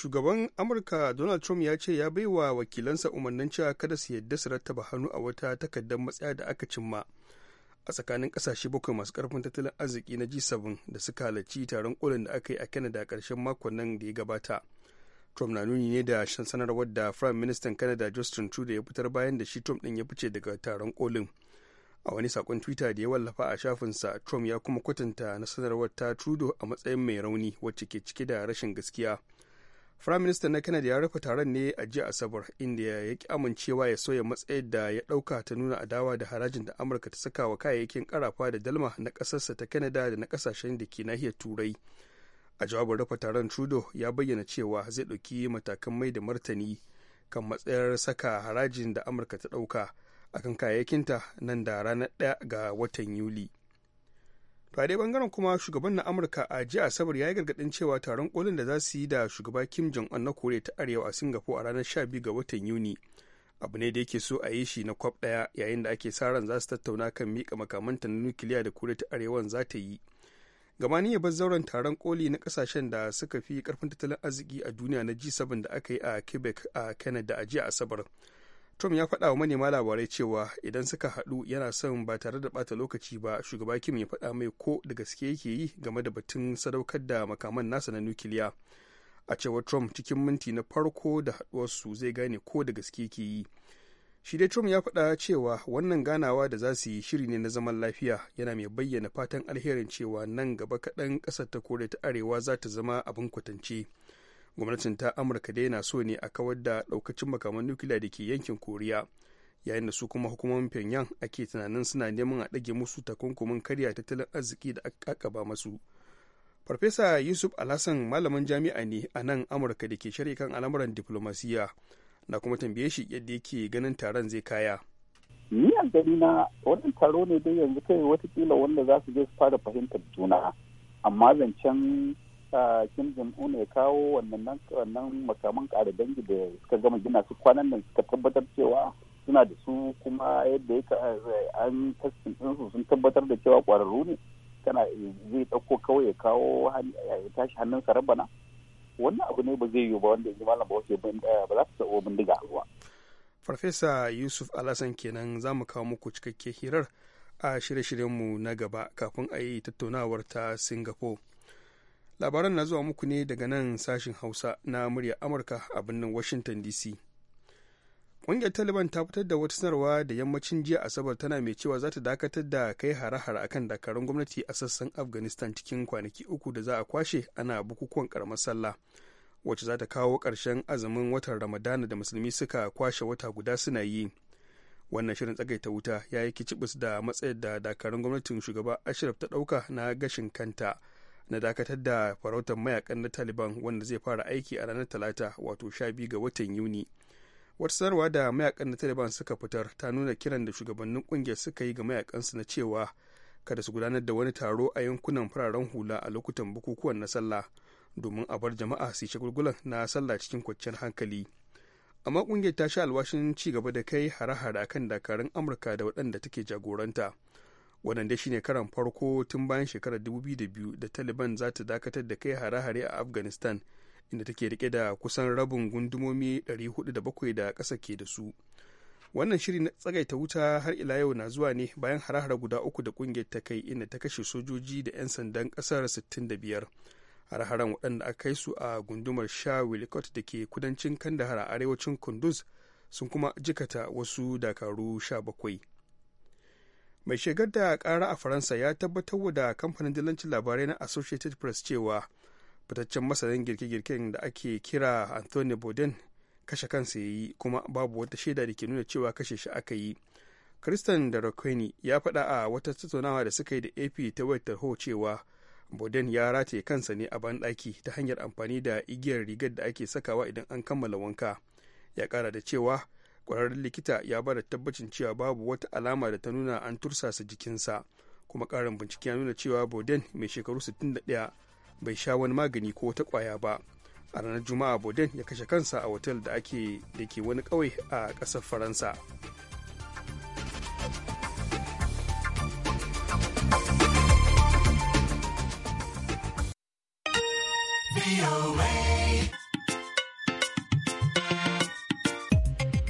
shugaban amurka donald trump ya ce ya bai wa wakilansa umarnin cewa kada su yadda su rattaba hannu a wata takaddar matsaya da aka cimma a tsakanin kasashe bakwai masu karfin tattalin arziki na g7 da suka halarci taron kolin da aka yi a canada a karshen makon nan da ya gabata trump na nuni ne da shan sanarwar da prime minister canada justin trudeau ya fitar bayan da shi trump din ya fice daga taron kolin a wani sakon twitter da ya wallafa a shafinsa trump ya kuma kwatanta na sanarwar ta trudeau a matsayin mai rauni wacce ke cike da rashin gaskiya Firaministan na kanada ya rufe taron ne a jiya Asabar inda ya ki amincewa ya soya matsayin da ya dauka ta nuna adawa da harajin da Amurka ta saka wa kayayyakin karafa da dalma na kasarsa ta kanada da na kasashen da ke nahiyar Turai. A jawabin rufe taron Trudeau ya bayyana cewa zai dauki matakan mai da martani kan matsayar saka harajin da Amurka ta ɗauka akan kayayyakinta nan da ranar 1 ga watan Yuli. to a dai bangaren kuma shugaban na amurka a jiya asabar ya yi gargadin cewa taron kolin da za su yi da shugaba kim jong un na kore ta arewa a singapore a ranar 12 ga watan yuni abu ne da yake so a yi shi na kwab daya yayin da ake sa ran za su tattauna kan mika makamanta na nukiliya da kore ta arewan za ta yi gama ya bar zauren taron koli na kasashen da suka fi karfin tattalin arziki a duniya na g7 da aka yi a quebec a canada a jiya asabar Trump ya faɗa wa manema labarai cewa idan suka haɗu yana son ba tare da ɓata lokaci ba shugaba Kim ya faɗa mai ko da gaske yake yi game da batun sadaukar da makaman nasa na nukiliya. A cewar Trump cikin minti na farko da haɗuwarsu zai gane ko da gaske yake yi. Shi dai Trump ya faɗa cewa wannan ganawa da za su yi shiri ne na zaman lafiya yana mai bayyana fatan alherin cewa nan gaba kaɗan ƙasar ta kore ta arewa za ta zama abin kwatance. gwamnatin ta amurka dai na so ne a kawar da ɗaukacin makaman nukiliya da ke yankin koriya yayin da su kuma hukumomin pyongyang ake tunanin suna neman a ɗage musu takunkumin karya tattalin arziki da aka ba masu farfesa yusuf alhassan malamin jami'a ne a nan amurka da ke shirya kan al'amuran diplomasiya na kuma tambaye shi yadda yake ganin taron zai kaya ni a gani na wannan taro ne dai yanzu kai watakila wanda za su je su fara fahimtar juna amma zancen Kim un ya kawo wannan wannan makaman ƙara dangi da suka gama gina su kwanan nan suka tabbatar cewa suna da su kuma yadda ya an taskin ɗinsu sun tabbatar da cewa ƙwararru ne kana zai ɗauko kawai ya kawo ya tashi hannun sarabana wannan abu ne ba zai yiwu ba wanda yanzu malam ba wace eh, ba za su sa'o bindiga ruwa. Farfesa Yusuf Alasan kenan za mu kawo muku cikakke hirar a shirye-shiryenmu na gaba kafin a yi tattaunawar ta Singapore. labaran na zuwa muku ne daga nan sashin hausa na murya amurka a birnin washington dc ƙungiyar taliban ta fitar da wata sanarwa da yammacin jiya asabar tana mai cewa za ta dakatar da kai hare-hare akan dakarun gwamnati a sassan afghanistan cikin kwanaki uku da za a kwashe ana bukukuwan karamar sallah wacce za ta kawo ƙarshen azumin watan ramadana da musulmi suka kwashe wata guda suna yi wannan shirin tsagaita wuta ya yi kicibis da matsayar da dakarun gwamnatin shugaba ashraf ta ɗauka na gashin kanta na dakatar da farautar mayakan na taliban wanda zai fara aiki a ranar talata wato sha biyu ga watan yuni wata sanarwa da mayakan na taliban suka fitar ta nuna kiran da shugabannin kungiyar suka yi ga mayakansu na cewa kada su gudanar da wani taro a yankunan fararen hula a lokutan bukukuwan na sallah domin a bar jama'a su yi na sallah cikin kwanciyar hankali amma kungiyar ta sha alwashin ci gaba da kai hare-hare akan dakarun amurka da waɗanda take jagoranta waɗanda shine karan farko tun bayan shekarar 2002 da taliban za ta dakatar da kai hare-hare a afghanistan inda take rike da kusan rabin gundumomi 407 da ƙasa ke da su wannan shiri na tsagaita wuta har ila yau na zuwa ne bayan hare guda uku da ƙungiyar ta kai inda ta kashe sojoji da 'yan sandan ƙasar 65 hare-haren waɗanda aka kai su a gundumar sha da ke kudancin kandahar a arewacin kunduz sun kuma jikata wasu dakaru 17 mai shigar da kara a faransa ya tabbatar da kamfanin dillancin labarai na associated press cewa fitaccen masanin girke-girken da ake kira anthony boden kashe kansa ya yi kuma babu wata shaida da ke nuna cewa kashe shi aka yi kristan da ya faɗa a wata tattaunawa da suka yi da ap ta wayar ho cewa boden ya rataye kansa ne a banɗaki ta hanyar amfani da igiyar rigar da ake sakawa idan an kammala wanka ya kara da cewa kwararren likita ya bada tabbacin cewa babu wata alama da ta nuna an tursasa jikinsa kuma karin bincike ya nuna cewa boden mai shekaru 61 bai sha wani magani ko wata kwaya ba a ranar juma'a boden ya kashe kansa a otal da ake da ke wani kawai a ƙasar faransa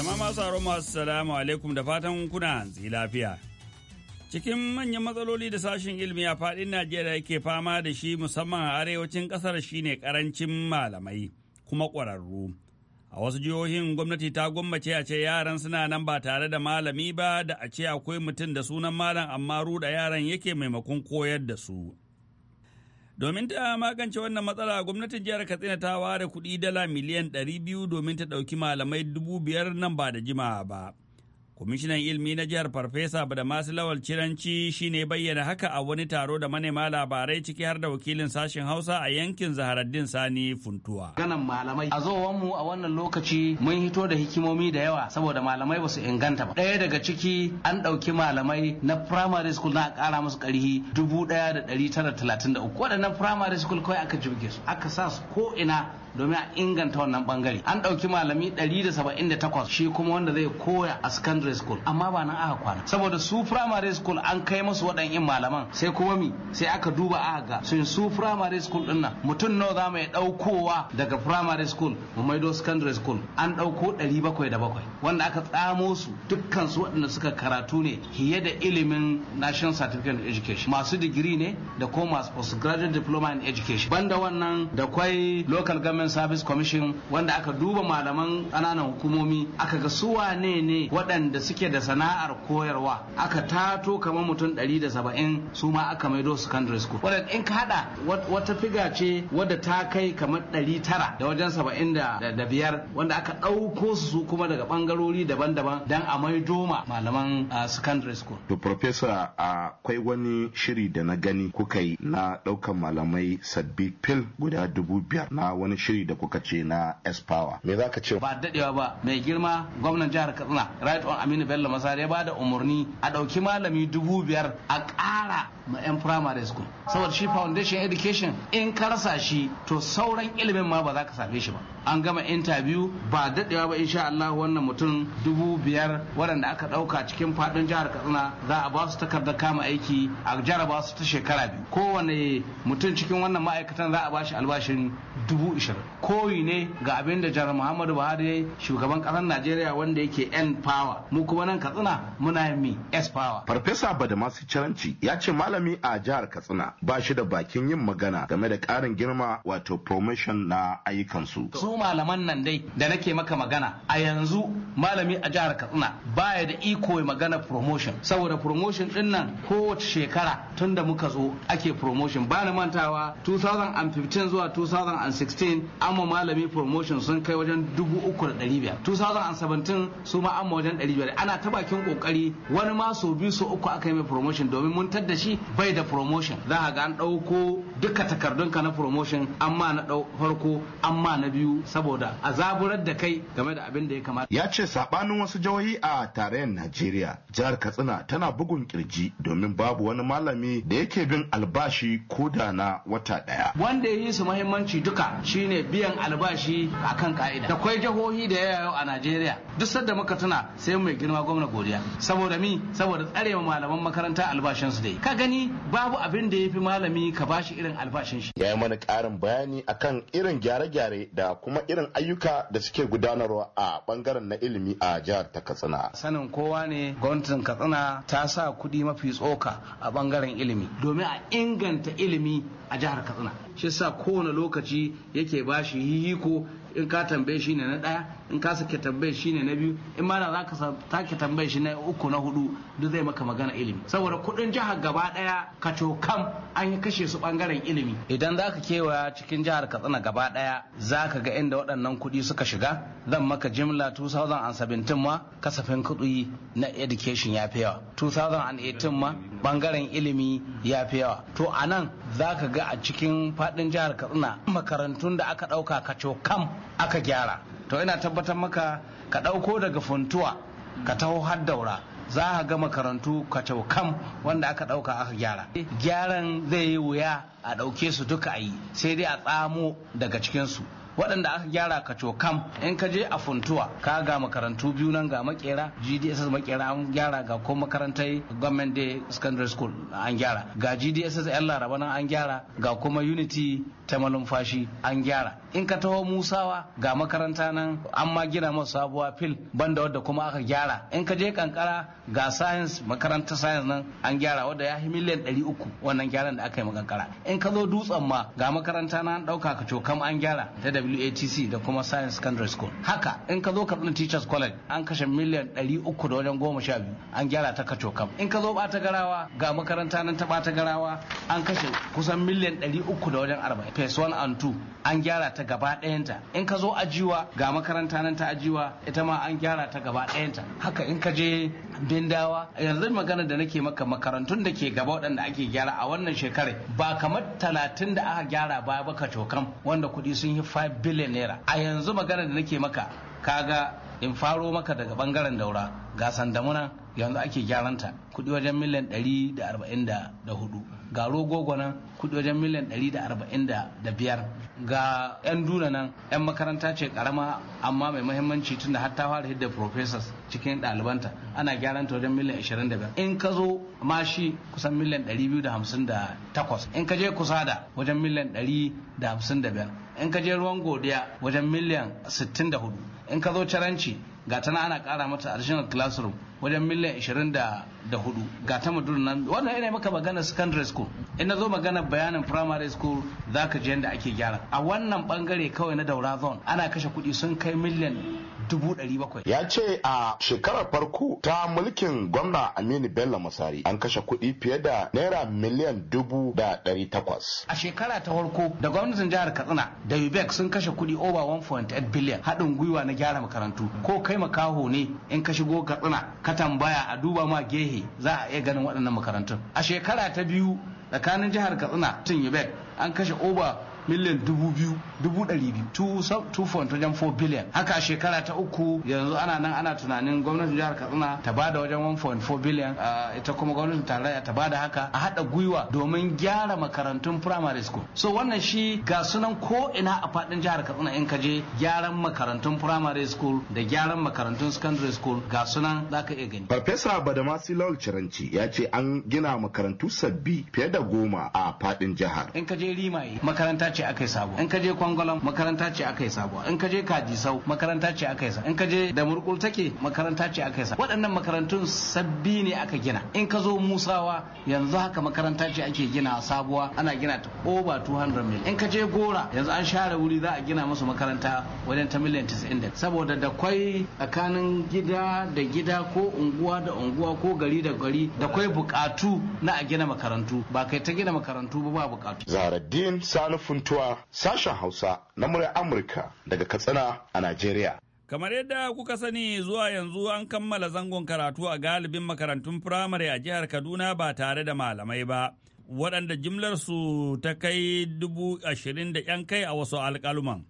Jama'a masu haro masu salamu alaikum da fatan kuna hanzi lafiya. Cikin manyan matsaloli da sashen ilimi a faɗin Najeriya yake fama da shi musamman a arewacin ƙasar shine ƙarancin malamai kuma ƙwararru. A wasu jihohin gwamnati ta gwammace a ce yaran suna nan ba tare da malami ba da a ce akwai mutum da sunan malam amma ruɗa yaran yake maimakon koyar da su. Domin ta magance wannan matsala gwamnatin jihar Katsina ta ware kuɗi dala miliyan 200 domin ta ɗauki malamai dubu biyar nan ba da jimawa ba. kwamishinan ilmi na jihar farfesa da masu lawal ciranci shine bayyana haka a wani taro da manema labarai ciki har da wakilin sashen hausa a yankin zaharaddin sani funtuwa ganan malamai a zowar mu a wannan lokaci mun hito da hikimomi da yawa saboda malamai basu inganta ba ɗaya daga ciki an ɗauki malamai na primary school na ƙara musu ƙarihi dubu ɗaya da ɗari tara talatin da uku waɗannan primary school kawai aka jirge su aka sa su ko ina domin a inganta wannan bangare an ɗauki malami ɗari da saba'in da takwas shi kuma wanda zai koya a secondary secondary school amma ba nan aka kwana saboda su primary school an kai musu waɗannan malaman sai kuma mi sai aka duba aka ga sun su primary school din nan mutum nawa za mu ɗaukowa daga primary school mu maido secondary school an ɗauko 707 wanda aka tsamo su dukkan su waɗanda suka karatu ne fiye da ilimin national certificate education masu digiri ne da ko masu postgraduate diploma in education banda wannan da kwai local government service commission wanda aka duba malaman ƙananan hukumomi aka ga su wane ne waɗanda da suke da sana'ar koyarwa aka tato kamar mutum 170 su ma aka maido secondary school wadda in ka hada wata figa ce wadda ta kai kamar 900 da wajen 75 wanda aka ɗauko su kuma daga bangarori daban-daban don a maido ma malaman secondary school to professor akwai wani shiri da na gani kuka yi na ɗaukan malamai sabbi fil guda dubu biyar na wani shiri da kuka ce na s power me za ka ce ba daɗewa ba mai girma gwamnan jihar katsina right on aminu bello Masar ya bada umurni umarni a ɗauki malami dubu biyar a ƙara ma 'yan primary school saboda shi foundation education in ka rasa shi to sauran ilimin ma ba za ka same shi ba an gama interview ba daɗewa ba insha Allah wannan mutum dubu biyar waɗanda aka ɗauka cikin faɗin jihar Katsina za a ba su takardar kama aiki a jaraba su ta shekara biyu kowane mutum cikin wannan ma'aikatan za a ba shi albashin dubu ishirin koyi ne ga abin da jihar Muhammadu Buhari shugaban ƙasar Najeriya wanda yake N power mu kuma nan Katsina muna yin mi S power Farfesa Badamasi Caranci ya ce malami a jihar Katsina ba shi da bakin yin magana game da ƙarin girma wato promotion na ayyukansu. su malaman nan dai da nake maka magana a yanzu malami a jihar katsina baya da iko magana promotion saboda promotion din nan kowace shekara tun da muka zo ake promotion ba na mantawa 2015 zuwa 2016 amma malami promotion sun kai wajen 3,500 2017 su ma amma wajen 500 ana ta bakin kokari wani ma so biyu so uku aka yi mai promotion domin mun tadda shi bai da promotion za a ga an ɗauko duka takardun ka na promotion amma na dau farko amma na biyu saboda a zaburar da kai game da abin da ya kamata ya ce sabanin wasu jihohi a tarayyar Najeriya jihar Katsina tana bugun kirji domin babu wani malami da yake bin albashi ko da na wata daya wanda ya yi su muhimmanci duka shine biyan albashi akan ka'ida da kwai jihohi da yawa a Najeriya duk sadda muka tuna sai mai girma gwamna godiya saboda mi saboda tsarewa malaman makaranta albashin su dai ka gani babu abin da yafi malami ka bashi irin irin albashin shi. Ya yi mana ƙarin bayani akan irin gyare-gyare da kuma irin ayyuka da suke gudanarwa a bangaren na ilimi a jihar ta Katsina. Sanin kowa ne gwamnatin Katsina ta sa kuɗi mafi tsoka a bangaren ilimi domin a inganta ilimi a jihar Katsina. Shi sa kowane lokaci yake bashi hihiko in ka tambaye shi ne na ɗaya in ka sake tambayar shi ne na biyu in ma za ka sake tambayar shi na uku na hudu duk zai maka magana ilimi saboda kuɗin jihar gaba kacokam to kam an yi kashe su bangaren ilimi idan za ka kewaya cikin jihar katsina gaba daya za ka ga inda waɗannan kuɗi suka shiga zan maka jimla 2017 ma kasafin kuɗi na education ya fi yawa 2018 ma bangaren ilimi ya fi yawa to a nan za ka ga a cikin faɗin jihar katsina makarantun da aka ɗauka kaco kam aka gyara to ina tabbatar maka ka ɗauko daga funtuwa ka taho har daura za a ga makarantu ka kam wanda aka ɗauka aka gyara gyaran zai yi wuya a ɗauke su duka a yi sai dai a tsamo daga cikinsu waɗanda aka gyara ka cokam in ka je a funtuwa ka ga makarantu biyu nan ga makera gdss makera an gyara ga ko makarantai government day secondary school an gyara ga gdss yan laraba nan an gyara ga kuma unity ta malumfashi an gyara in ka taho musawa ga makaranta nan an ma gina masu sabuwa fil banda wadda kuma aka gyara in ka je kankara ga science makarantar science nan an gyara wadda ya miliyan 300 wannan gyaran da aka yi kankara in ka zo dutsen ma ga makaranta nan an ɗauka cokam an gyara ta WATC da kuma Science Secondary School. Haka in ka zo karɓar Teachers College an kashe miliyan ɗari uku da wajen goma sha biyu an gyara ta kacho kam. In ka zo ɓata garawa ga makaranta nan ta ɓata garawa an kashe kusan miliyan ɗari uku da wajen arba'in. Phase 1 and 2 an gyara ta gaba ɗayanta. In ka zo ajiwa ga makaranta nan ta ajiwa ita ma an gyara ta gaba ɗayanta. Haka in ka je bindawa yanzu magana da nake maka makarantun da ke gaba waɗanda ake gyara a wannan shekarar ba kamar talatin da aka gyara baya ba cokan wanda kuɗi sun yi 5 billion naira a yanzu magana da nake maka kaga in faro maka daga bangaren daura ga sandamuna yanzu ake gyaran ta kudi wajen miliyan 144 ga rogogo nan kudi wajen miliyan 145 ga 'yan duna nan 'yan makaranta ce karama amma mai mahimmanci tunda har ta fara hidda professors cikin ɗalibanta ana gyaran ta wajen miliyan 25 in ka zo mashi kusan miliyan 258 in ka je kusada wajen miliyan 155 in ka je ruwan godiya wajen miliyan 64 in ka zo caranci ga tana ana kara mata additional classroom wajen miliyan 24 ga ta madurin nan wannan ina maka magana secondary school ina zo magana bayanin primary school za ka ji yadda ake gyara a wannan bangare kawai na daura zone ana kashe kuɗi sun kai miliyan dubu Ya ce a shekarar farko ta mulkin gwamna Aminu Bello Masari an kashe kuɗi fiye da naira miliyan dubu da ɗari takwas. A shekara ta farko da gwamnatin jihar Katsina da Ubeg sun kashe kuɗi over 1.8 biliyan haɗin gwiwa na gyara makarantu ko kai makaho ne in ka shigo Katsina ka tambaya a duba ma gehe za a iya ganin waɗannan makarantun. A shekara ta biyu tsakanin jihar Katsina tun Ubeg, an kashe over miliyan dubu biyu dubu ɗari biyu wajen four billion haka shekara ta uku yanzu ana nan ana tunanin gwamnatin jihar katsina ta bada wajen one point four billion ita kuma gwamnatin tarayya ta bada haka a haɗa gwiwa domin gyara makarantun primary school so wannan shi ga sunan ko ina a faɗin jihar katsina in ka je gyaran makarantun primary school da gyaran makarantun secondary school ga sunan za ka iya gani farfesa badamasi lawal ciranci ya ce an gina makarantu sabbi fiye da goma a faɗin jihar in ka je rimaye makaranta ce ce aka yi sabo in ka je kwangwalan makaranta ce aka yi sabo in ka je kajisau makaranta ce aka yi sabo in ka je da murkul take makaranta ce aka yi sabo waɗannan makarantun sabbi ne aka gina in ka zo musawa yanzu haka makaranta ce ake gina sabuwa ana gina ta over 200 million in ka je gora yanzu an share wuri za a gina musu makaranta wajen ta miliyan 90 saboda da kwai tsakanin gida da gida ko unguwa da unguwa ko gari da gari da kwai bukatu na a gina makarantu ba kai ta gina makarantu ba ba bukatu zaraddin Salifu. Funtuwa sashen Hausa na murya Amurka daga Katsina a Najeriya. Kamar yadda kuka sani zuwa yanzu an kammala zangon karatu a galibin makarantun firamare a jihar Kaduna ba tare da malamai ba, waɗanda jimlarsu ta kai dubu ashirin da ‘yan kai a wasu alƙaluman.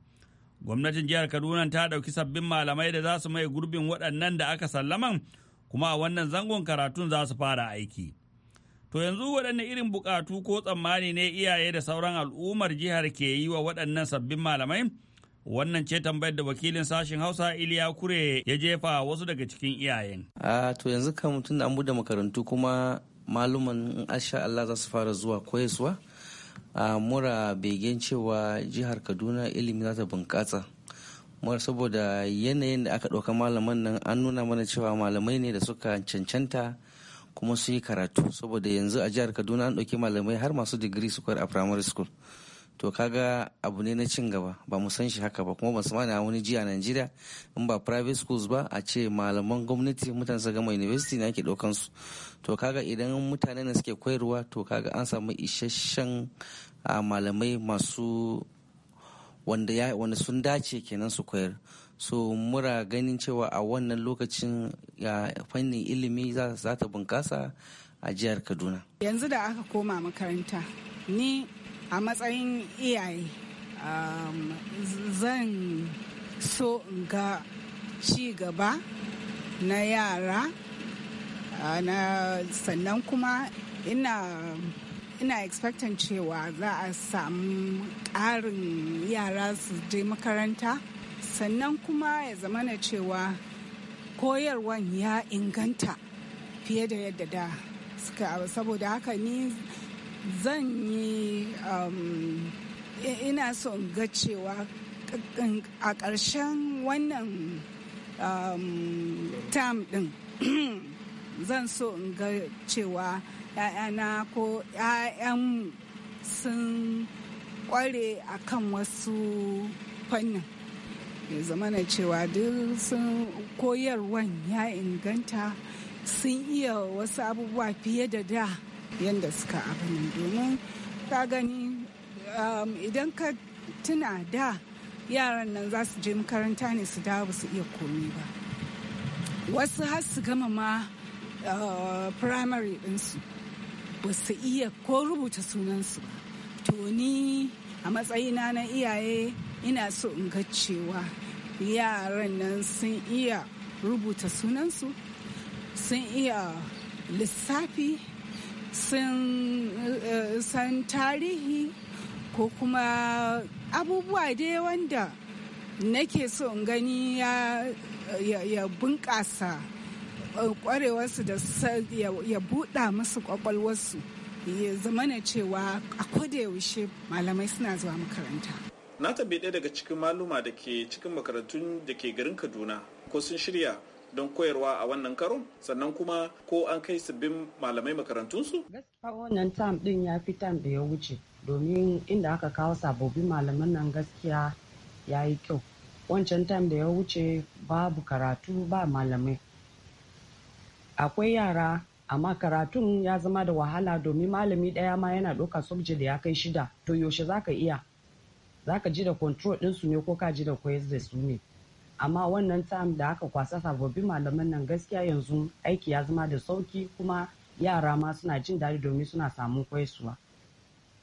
Gwamnatin jihar Kaduna ta ɗauki sabbin malamai da za su mai gurbin waɗannan da aka sallaman, kuma a wannan zangon karatun za su fara aiki. To yanzu waɗanne irin bukatu ko tsammani ne iyaye da sauran al'ummar jihar ke yi wa waɗannan sabbin malamai? Wannan ce tambayar da wakilin sashen Hausa Iliya Kure ya jefa wasu daga cikin iyayen. A to yanzu kan mutum da an bude makarantu kuma maluman in asha Allah za su fara zuwa koyaswa. A mura begen cewa jihar Kaduna ilimi za ta bunƙasa. Mura saboda yanayin da aka ɗauka malaman nan an nuna mana cewa malamai ne da suka cancanta. kuma su yi karatu saboda yanzu a jihar kaduna an ɗauki malamai har masu digiri su koyar a primary school to kaga abu ne na cin gaba ba mu san shi haka ba kuma ba su mana wani ji najeriya in ba private schools ba a ce malaman gwamnati mutane su gama university na ke ɗaukan su to kaga idan mutane na suke koyarwa to kaga an samu isasshen ah, malamai masu wanda sun dace kenan su koyar so mura ganin cewa a wannan lokacin fannin ilimi za ta bunƙasa a jihar kaduna yanzu da aka koma makaranta ni a matsayin iyaye um, zan so ga ci gaba na yara na sannan kuma ina ina expectant cewa za a samu ƙarin yara su je makaranta sannan kuma ya zamana cewa koyarwan ya inganta fiye da yadda da suka saboda haka ni zan yi um, ina son ga cewa a ƙarshen wannan tam um, ɗin zan so in ga cewa ‘ya'yana ko ‘ya'yan sun kware a kan wasu fannin ya na cewa duk sun koyarwan ya inganta sun iya wasu abubuwa fiye da da yadda suka abinin domin ka gani um, idan ka tuna da yaran nan za su je makaranta ne su dawo ba su iya komi ba wasu har su gama ma uh, primary ɗinsu ba su iya ko rubuta sunansu ba to ni a matsayina na iyaye ina so in ga cewa yaran nan sun iya rubuta sunansu sun iya lissafi sun eh, san tarihi ko kuma abubuwa dai wanda nake so in gani ya, ya, bunƙasa eh, ƙwarewarsu da ya, buɗa musu ƙwaƙwalwarsu ya na cewa a koda yaushe malamai suna zuwa makaranta. na tambayi ɗaya daga cikin maluma da ke cikin makarantun da ke garin kaduna ko sun shirya don koyarwa a wannan karon sannan kuma ko an kai sabbin malamai makarantunsu? gaskiya wannan tam din ya fi tam da ya wuce domin inda aka kawo sababbin malaman nan gaskiya ya yi kyau wancan tam da ya wuce babu karatu ba malamai akwai yara amma karatun ya zama da wahala domin malami ɗaya ma yana ɗauka subject da ya kai shida to yaushe za ka iya za ka ji da control su ne ko ka ji da koyar da su ne amma wannan tam da aka kwasa sababbin malaman nan gaskiya yanzu aiki ya zama da sauki kuma yara ma suna jin daɗi domin suna samun koyarwa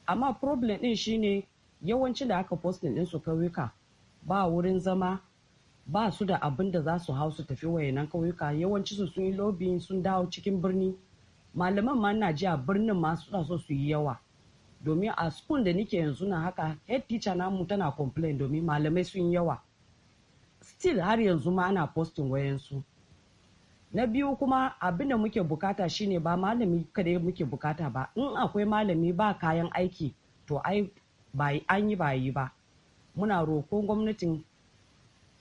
amma problem din shine yawanci da aka posting ɗin su kauyuka ba wurin zama ba su da abin da za su hau su tafi wayanan kauyuka yawanci su sun yi lobbying sun dawo cikin birni malaman ma na ji a birnin ma suna so su yi yawa domin a school da nike yanzu na haka head teacher namu tana complain domin malamai sun yawa still har yanzu ma ana posting wayansu na biyu kuma abin da muke bukata shine ba malami kadai muke bukata ba in akwai malami ba kayan aiki to ai an yi ba yi ba muna roƙon gwamnatin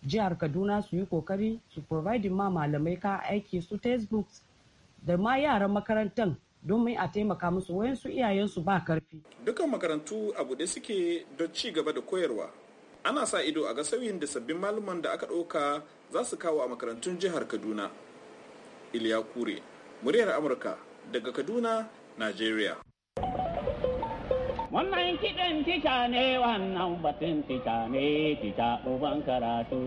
jihar kaduna su yi kokari su provide ma malamai ka aiki su textbooks da ma yaran makarantar Don domin a taimaka musu wayansu iyayensu ba karfi. Dukan makarantu a da suke don ci gaba da koyarwa. Ana sa ido a ga sauyin da sabbin malaman da aka ɗauka za su kawo a makarantun jihar Kaduna. Iliya Kure, muryar Amurka daga Kaduna, Najeriya. Wannan kiɗan tica ne wannan batun tica ne tica uban karatu.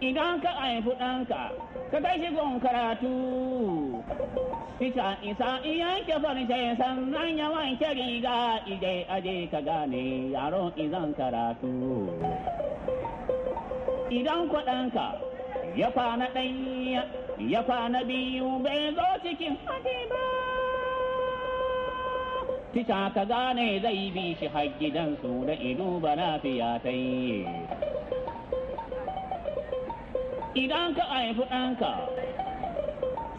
Idan ka aifi ɗanka ka kai shi gon karatu isa isa iya ke sannan ya wanke riga ide aje ka gane yaron izan karatu idan kwaɗanka ya kwana ɗaya ya kwana biyu bai zo cikin haɗe ba Tisha ka gane zai bi shi har gidansu da ido ba fiya ta idan ka haifi ɗanka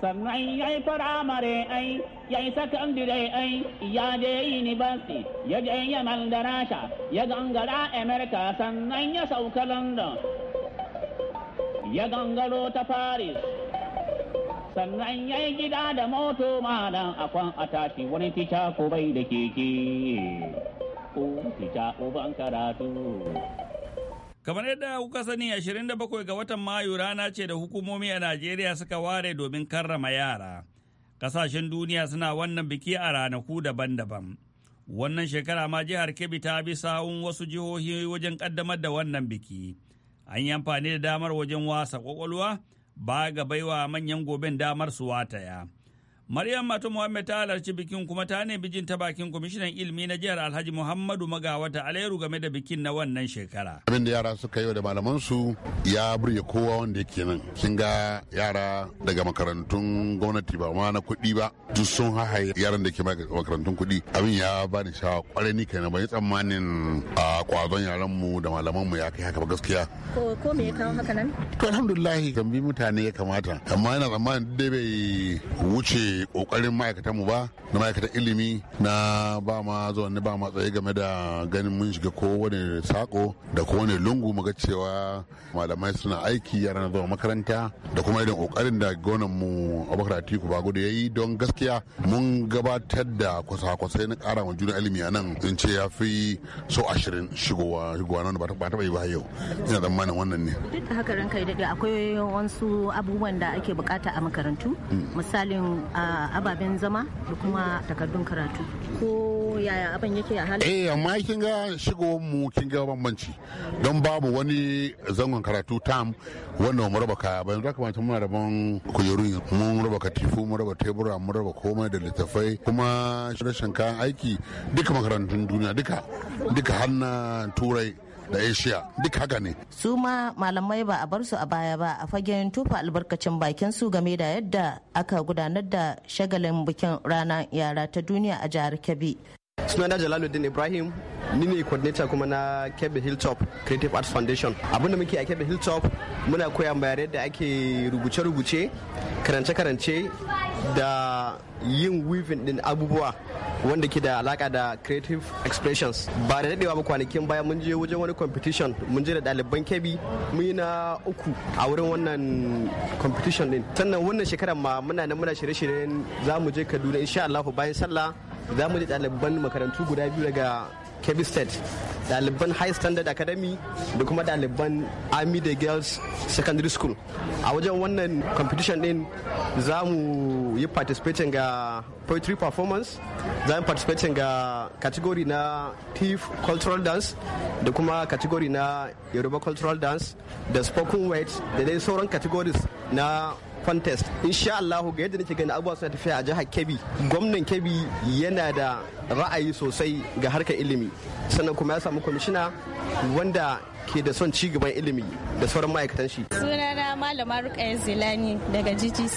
sannan ya yi firamare ai ya yi sakandire ai ya je university ya je yamal da rasha ya gangara america sannan ya sauka london ya gangaro ta paris sannan ya yi gida da moto malam akwan a tashi wani tica ko da keke ko tica uban karatu Kamar yadda kuka sani 27 ga watan Mayu rana ce da hukumomi a Najeriya suka ware domin karrama yara. Kasashen duniya suna wannan biki a ranaku daban-daban. Wannan shekara ma jihar Kebbi ta bi sawun wasu jihohi wajen kaddamar da wannan biki. An yi amfani da damar wajen wasa kwakwalwa ba ga baiwa manyan goben damar su wataya. Maryam Matu Muhammad ta halarci bikin kuma ta nemi jin ta bakin kwamishinan ilimi na jihar Alhaji Muhammadu Magawata Alairu game da bikin na wannan shekara. Abin da yara suka yi da malaman su ya burge kowa wanda yake nan. Kin ga yara daga makarantun gwamnati ba ma na kuɗi ba duk sun hahaye yaran da ke makarantun kuɗi. Abin ya ba ni shawa kwarai ni kai na bai tsammanin a kwazon yaran mu da malaman mu ya kai haka ba gaskiya. Ko ko me ya kawo haka nan? To alhamdulillah kan mutane ya kamata amma ina zaman dai bai wuce bai ma'aikatan mu ba na ma'aikatan ilimi na ba ma zuwa ba ma tsaye game da ganin mun shiga kowane sako da kowane lungu muga cewa malamai suna aiki yara na zuwa makaranta da kuma irin kokarin da gonan mu abubakar atiku ba gudu yayi don gaskiya mun gabatar da kwasa-kwasai na kara juna ilimi a nan in ce ya fi so ashirin shigowa shigowa nan ba ta yi ba yau ina tsammanin wannan ne duk da haka ranka daɗe akwai wasu abubuwan da ake bukata a makarantu mm. misalin a ababen zama da kuma takardun karatu ko yaya abin yake a halin eh amma kin ga shigowar mu kin ga bambanci don babu wani zangon karatu tam wanda mu raba kaya bayan zaka mata muna ban kujeru mun raba katifu mun raba tebura mun raba komai da littafai kuma rashin kayan aiki duka makarantun duniya duka duka har turai da Asia duk haka ne. Su ma malamai ba a bar su a baya ba a fagen tufa albarkacin bakin su game da yadda aka gudanar da shagalin bikin ranar yara ta duniya a jihar Kebbi. sunana jalaluddin ibrahim ni ne coordinator kuma na kebbi hilltop creative arts foundation abinda muke a kebbi hilltop muna koya ma yare da ake rubuce-rubuce karance-karance da yin weaving din abubuwa wanda ke da alaka da creative expressions ba da dadewa ba kwanakin baya mun je wajen wani competition mun je da ɗaliban kebi mun yi na uku a wurin wannan competition din sannan wannan shekarar ma muna nan muna shirye-shiryen za mu je kaduna insha Allah bayan sallah za mu je ɗaliban makarantu guda biyu daga kebbi state ɗaliban high standard academy da kuma ɗaliban army da girls secondary school a wajen wannan competition ɗin za mu yi participating ga poetry performance za mu participating ga category na thief cultural dance da kuma category na yoruba cultural dance da spoken word da dai sauran categories na contest insha Allah ga yadda nake gani abubuwa suna tafiya a jihar Kebbi gwamnan Kebbi yana da ra'ayi sosai ga harkar ilimi sannan kuma ya samu kwamishina wanda ke da son ci gaban ilimi da sauran ma'aikatan shi sunana malama rukayar Zilani daga GTC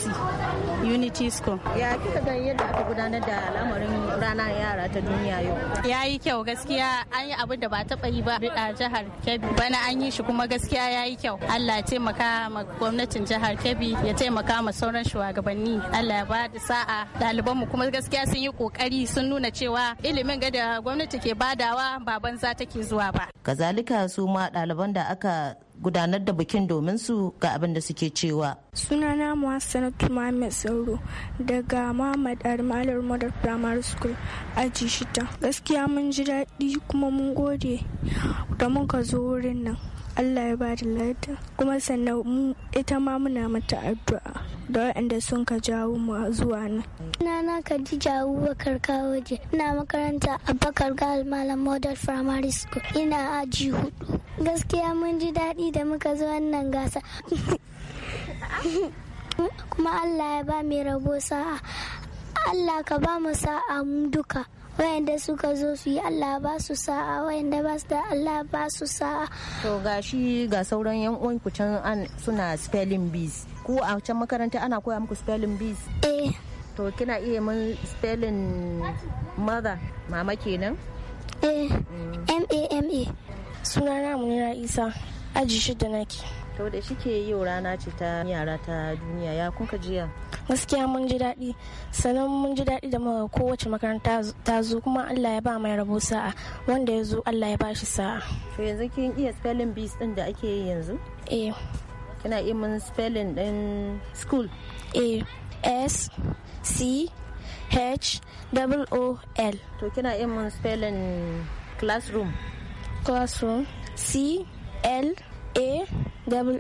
unity school ya kika ga yadda aka gudanar da al'amarin rana yara ta duniya yau ya yi kyau gaskiya an yi abu da ba taba yi ba a jihar kebbi bana an yi shi kuma gaskiya ya yi kyau allah ya taimaka ma gwamnatin jihar kebbi ya taimaka ma sauran shugabanni allah ya ba da sa'a ɗalibanmu kuma gaskiya sun yi kokari sun nuna cewa ilimin ga da gwamnati ke badawa ba banza take zuwa ba kazalika su ma ɗaliban da aka gudanar da bikin domin su ga abin da suke cewa. Sunana Muhassanatu Muhammad Sauro daga Muhammad Armalar Mother Primary School aji shida. Gaskiya mun ji daɗi kuma mun gode da muka zo wurin nan. Allah ya ba da lada kuma sannan ita ma muna mata addu'a da waɗanda sun ka jawo mu zuwa nan. Nana Khadija Abubakar Kawoje ina makaranta a Bakar Gal Malam Model Primary School ina aji hudu. gaskiya mun ji daɗi da muka zo wannan gasa kuma allah ya ba mai rabo sa'a allah ka ba mu sa'a mu duka wayanda suka zo su yi Allah ba su sa'a wayanda ba su da Allah ba su sa'a to ga shi ga sauran yan uwan ku can an suna spelling bees ku a can makaranta ana koya muku spelling bees eh to kina iya mun spelling mother mama kenan eh mm. m a m a suna sunana munira isa aji shida nake to da shike yau rana ce ta yara ta duniya ya kuka jiya gaskiya mun ji daɗi sannan mun ji daɗi da muka kowace makaranta ta zo kuma Allah ya ba mai rabo sa'a wanda ya zo Allah ya ba shi sa'a to yanzu kin iya spelling bees din da ake yi yanzu eh kina iya mun spelling din school eh s c h o l to kina iya mun spelling classroom underscore C L A e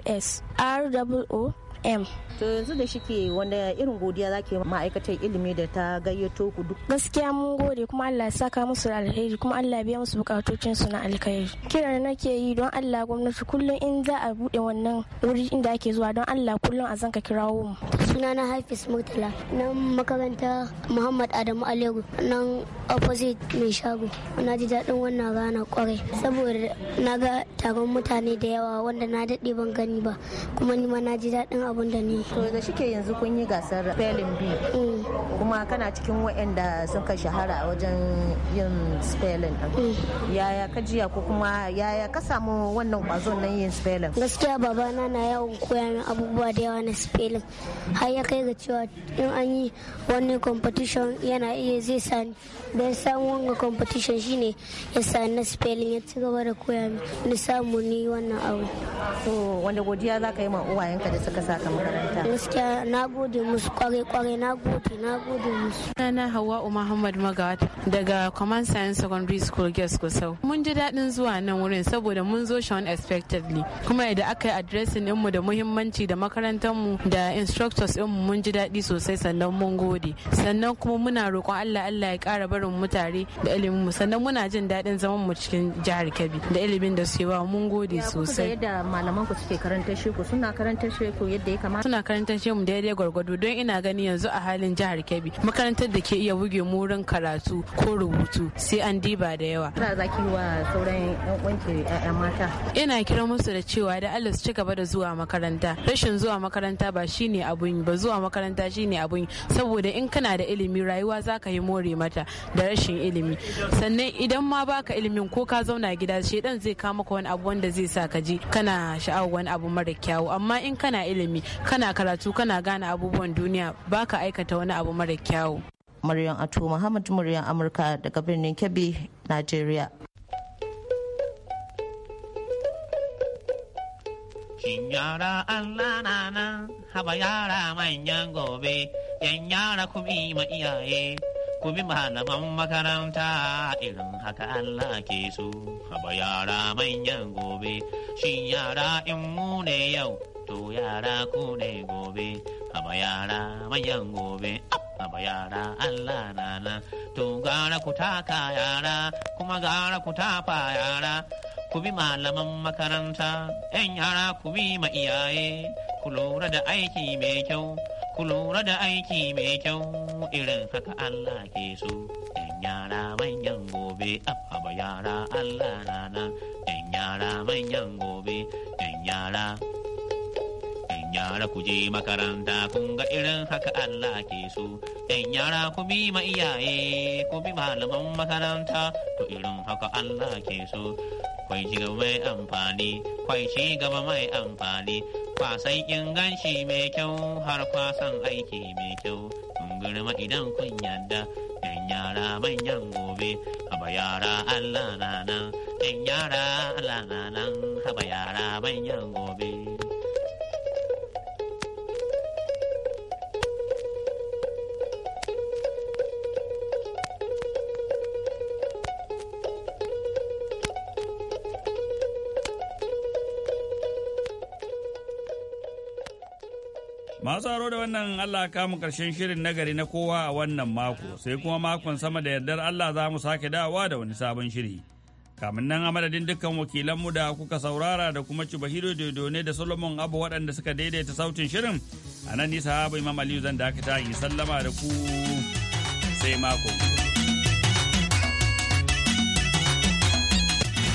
S S R O O m to yanzu da shike wanda irin godiya za zake ma'aikatar ilimi da ta gayyato ku duk gaskiya mun gode kuma Allah ya saka musu alheri kuma Allah ya biya musu bukatocin su na alkhairi kiran nake yi don Allah gwamnati kullum in za a bude wannan wuri inda ake zuwa don Allah kullum a zanka kirawo mu sunana Hafiz Murtala nan makaranta Muhammad Adamu Alego nan opposite mai shago na ji daɗin wannan rana kwarai saboda na ga taron mutane da yawa wanda na daɗe ban gani ba kuma ni ma na ji daɗin abin da ni to da shike yanzu kun yi gasar spelling bee mm. kuma kana cikin waɗanda sun ka shahara wajen yin spelling din mm. yaya ka jiya ko kuma yaya ka samu wannan kwazo nan yin spelling gaskiya babana na yawan koya min abubuwa da yawa na spelling har ya kai ga cewa in an yi wani competition yana iya zai sani don samun wani competition shine ya sani na spelling ya ci gaba da koya min Ni samu ni wannan abu to wanda godiya za ka yi ma uwayenka da suka sa ka makaranta gaskiya na gode musu kwarai kwarai na gode na gode musu na hawa muhammad magawat daga command science secondary school girls kusau mun ji daɗin zuwa nan wurin saboda mun zo shi unexpectedly kuma yadda aka yi addressing ɗinmu da muhimmanci da makarantarmu da instructors ɗinmu mun ji daɗi sosai sannan mun gode sannan kuma muna roƙon allah allah ya ƙara barin mu tare da ilimin mu sannan muna jin daɗin zaman mu cikin jihar kebbi da ilimin da suke wa mun gode sosai ya yadda malaman ku suke karanta shi ku suna karanta shi ku yadda da ya kamata suna karantar mu daidai gwargwado don ina gani yanzu a halin jihar Kebbi makarantar da ke iya buge murin karatu ko rubutu sai an diba da yawa za zaki wa sauran yan uwanki ƴaƴan mata ina kira musu da cewa da Allah su ci gaba da zuwa makaranta rashin zuwa makaranta ba shine abun ba zuwa makaranta shine abun saboda in kana da ilimi rayuwa zaka yi more mata da rashin ilimi sannan idan ma baka ilimin ko ka zauna gida shedan zai kama ka wani abu wanda zai sa ka ji kana sha'awar wani abu mara kyau amma in kana ilimi ilimi kana karatu kana gane abubuwan duniya baka aikata wani abu mara kyawu Maryam ato muhammad muryan amurka daga birnin kebbi nigeria Shin yara Allah na nan haba yara manyan gobe, yan yara ma iyaye, malaman makaranta irin haka Allah ke so, haba yara manyan gobe, shin yara in mu ne yau. to yara ku ne gobe haba yara manyan gobe haba yara Allah na to gara ku taka yara kuma gara ku tafa yara ku bi malaman makaranta 'yan yara ku bi ma iyaye ku lura da aiki mai kyau ku lura da aiki mai kyau irin haka Allah ke so yan yara manyan gobe abba yara Allah rana yan yara manyan gobe yan yara yara ku je makaranta kun ga irin haka Allah ke so. ‘Yan yara ku bi ma iyaye ku bi malaman makaranta to irin haka Allah ke so. Kwai ci gaba mai amfani, kwai ci gaba mai amfani, kwasan inganci mai kyau har kwasan aiki mai kyau. Kun girma idan kun yarda, ‘yan yara manyan gobe, haba yara Allah na nan, ‘yan yara Allah na nan, haba yara manyan gobe. Masu aro da wannan Allah mu karshen shirin nagari na kowa a wannan mako sai kuma makon sama da yardar Allah za mu sake dawa da wani sabon shiri. Kamin nan a madadin dukkan wakilanmu da kuka saurara da kuma Cibahiro ne da Solomon Abu waɗanda suka daidaita sautin shirin a nan nisa abu Imam Aliyu zan dakata in sallama da ku sai mako.